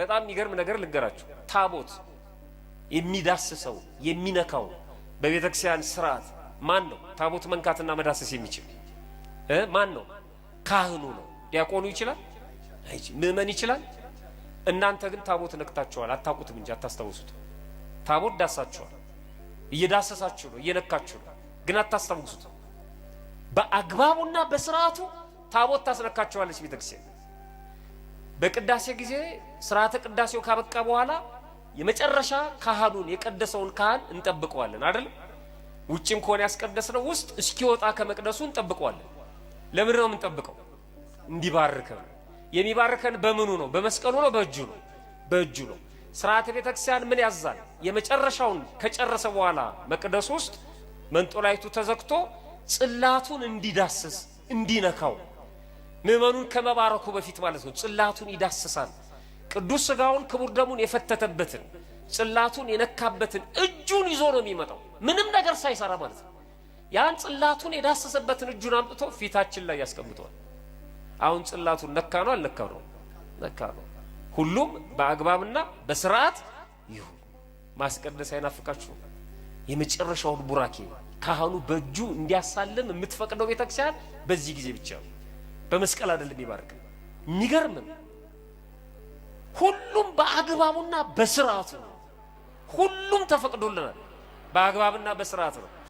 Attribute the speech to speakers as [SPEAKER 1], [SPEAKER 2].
[SPEAKER 1] በጣም የሚገርም ነገር ልንገራችሁ። ታቦት የሚዳስሰው የሚነካው በቤተ ክርስቲያን ስርዓት ማን ነው? ታቦት መንካትና መዳሰስ የሚችል ማን ነው? ካህኑ ነው። ዲያቆኑ ይችላል፣ ምእመን ይችላል። እናንተ ግን ታቦት ነክታችኋል፣ አታውቁትም እንጂ አታስታውሱት። ታቦት ዳሳችኋል፣ እየዳሰሳችሁ ነው፣ እየነካችሁ ነው፣ ግን አታስታውሱት። በአግባቡና በስርዓቱ ታቦት ታስነካችኋለች ቤተክርስቲያን። በቅዳሴ ጊዜ ስርዓተ ቅዳሴው ካበቃ በኋላ የመጨረሻ ካህኑን የቀደሰውን ካህን እንጠብቀዋለን አይደለም። ውጭም ከሆነ ያስቀደስነው ውስጥ እስኪወጣ ከመቅደሱ እንጠብቀዋለን። ለምን ነው የምንጠብቀው? እንዲባርከን። የሚባርከን በምኑ ነው? በመስቀሉ ነው? በእጁ ነው? በእጁ ነው። ስርዓተ ቤተክርስቲያን ምን ያዛል? የመጨረሻውን ከጨረሰ በኋላ መቅደሱ ውስጥ መንጦላይቱ ተዘግቶ ጽላቱን እንዲዳስስ እንዲነካው ምመኑን ከመባረኩ በፊት ማለት ነው። ጽላቱን ይዳስሳል። ቅዱስ ስጋውን ክቡር ደሙን የፈተተበትን ጽላቱን የነካበትን እጁን ይዞ ነው የሚመጣው፣ ምንም ነገር ሳይሰራ ማለት ነው። ያን ጽላቱን የዳሰሰበትን እጁን አምጥቶ ፊታችን ላይ ያስቀምጠዋል። አሁን ጽላቱን ነካ ነው አልነካ ነው ነካ ነው። ሁሉም በአግባብና በስርዓት ይሁን። ማስቀደስ አይናፍቃችሁ። የመጨረሻውን ቡራኬ ካህኑ በእጁ እንዲያሳልም የምትፈቅደው ቤተክርስቲያን በዚህ ጊዜ ብቻ ነው። በመስቀል አይደለም ይባርክ። የሚገርም ሁሉም በአግባቡና በስርዓቱ ሁሉም ተፈቅዶልናል። በአግባብና በስርዓት ነው።